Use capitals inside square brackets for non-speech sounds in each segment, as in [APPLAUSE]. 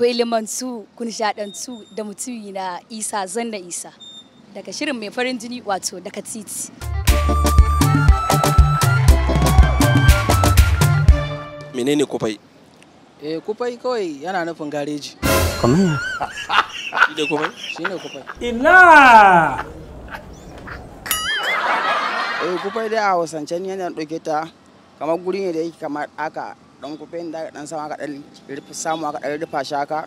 ku ilimantu ku nishadantu da mutumi na isa zanna isa daga shirin mai farin jini wato daga titi menene kufai eh kufai kawai yana nufin gareji kamar ya shi ne kufai shi ne kufai ina eh kufai dai a wasancen yana ɗauke ta kamar guri ne da yake kamar aka dan ku inda ka dan sama ka dan rufe samu ka dan rufa shaka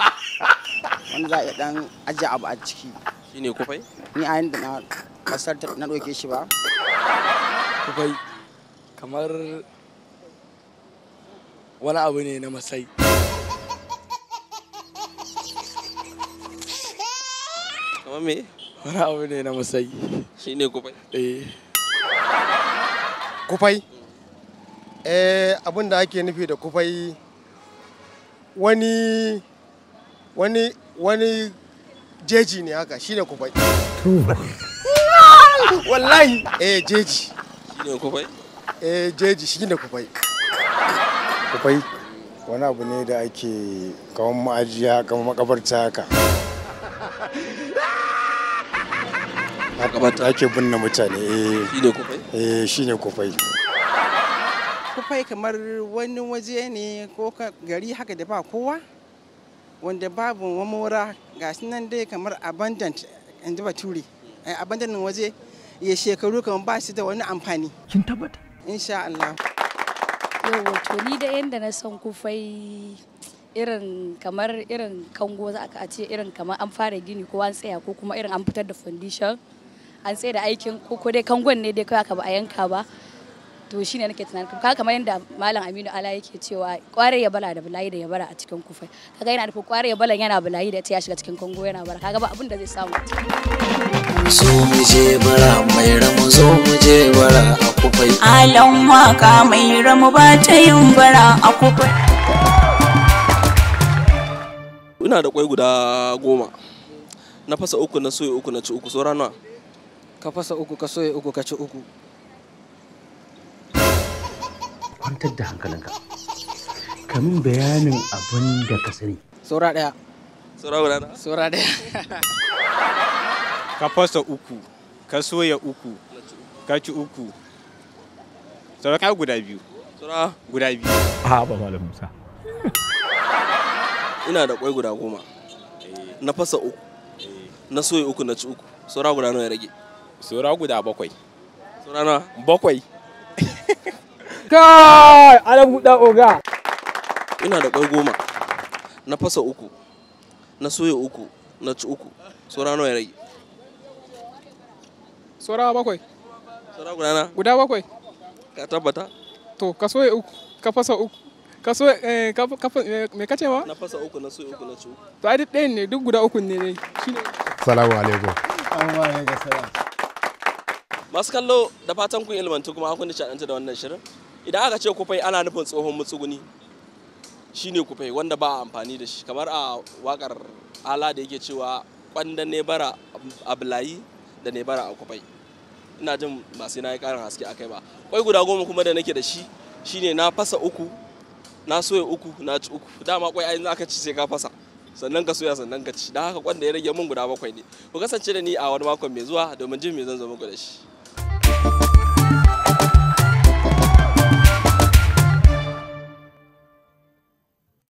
haka za a dan ajiye abu a ciki shine kufai ni a yanda na kasar na doke shi ba kufai kamar wani abu ne na masai kamar me wani abu ne na masai shine kufai eh kufai Eh, abin da ake nufi da kufai wani wani wani jeji ne haka shine kufai [LAUGHS] wallahi eh jeji shine kufai eh jeji shine kufai kufai wani abu ne da ake kawon ma'ajiya kama makabarta haka makabarta ake binne mutane eh shine kufai eh shine kufai kufai kamar wani waje ne ko gari haka da ba kowa wanda babu mamora ga nan dai kamar abundant in ji bature eh, abundant waje ya shekaru kamar ba shi da wani amfani kin tabbata insha Allah yawa to ni da yanda na san kufai irin kamar irin kango za a ce irin kamar an fara gini ko an tsaya ko kuma irin an fitar da foundation an tsaye da aikin ko dai kangon ne dai kawai aka ba a yanka ba to shi ne nake tunanin kuma kamar yadda malam aminu ala yake cewa kwarai ya bala da bulayi da ya bara a cikin kufai kaga yana nufin kwarai ya bala yana bulayi da ya shiga cikin kongo yana bara kaga ba abin da zai samu so mu je bara mai ramu zo mu je bara a kufai alan waka mai ramu ba ta yin bara a kufai ina da kwai guda goma na fasa uku na soya uku na ci uku so rana ka fasa uku ka soya uku ka ci uku kwantar da hankalinka kamin bayanin abin da ka sani saura daya saura guda saura daya [LAUGHS] ka fasa uku ka soya uku ka ci uku saura ka guda biyu saura guda biyu a ba malam musa [LAUGHS] ina da kwai guda goma na fasa uku na soya uku na ci uku saura guda nawa ya rage saura guda bakwai saura na bakwai Kai, ana buɗa oga. Ina da ƙwai goma, na fasa uku, na soya uku, na ci uku, sora nawa ya rage. Saura bakwai. sora guda na? Guda bakwai. Ka tabbata? To, ka soya uku, ka fasa uku. Ka soya eh ka eh, me kace ma? Na fasa uku na soya uku na ci uku. To ai duk ɗayan ne duk guda uku ne ne. Shine. Assalamu alaikum. Assalamu alaikum. Masu kallo da fatan kun ilmantu kuma kun nishaɗanta da wannan shirin. idan aka ce kufai ana nufin tsohon mutsuguni shine kufai wanda ba amfani da shi kamar a wakar ala da yake cewa kwanda ne bara a bulayi da ne bara a kufai ina jin masu sai na yi karin haske kai ba kwai guda goma kuma da nake da shi shine na fasa uku na soya uku na ci uku dama kwai ayin aka ci sai ka fasa sannan ka soya sannan ka ci don haka kwanda ya rage mun guda bakwai ne ku kasance da ni a wani makon mai zuwa domin jin me zan zo muku da shi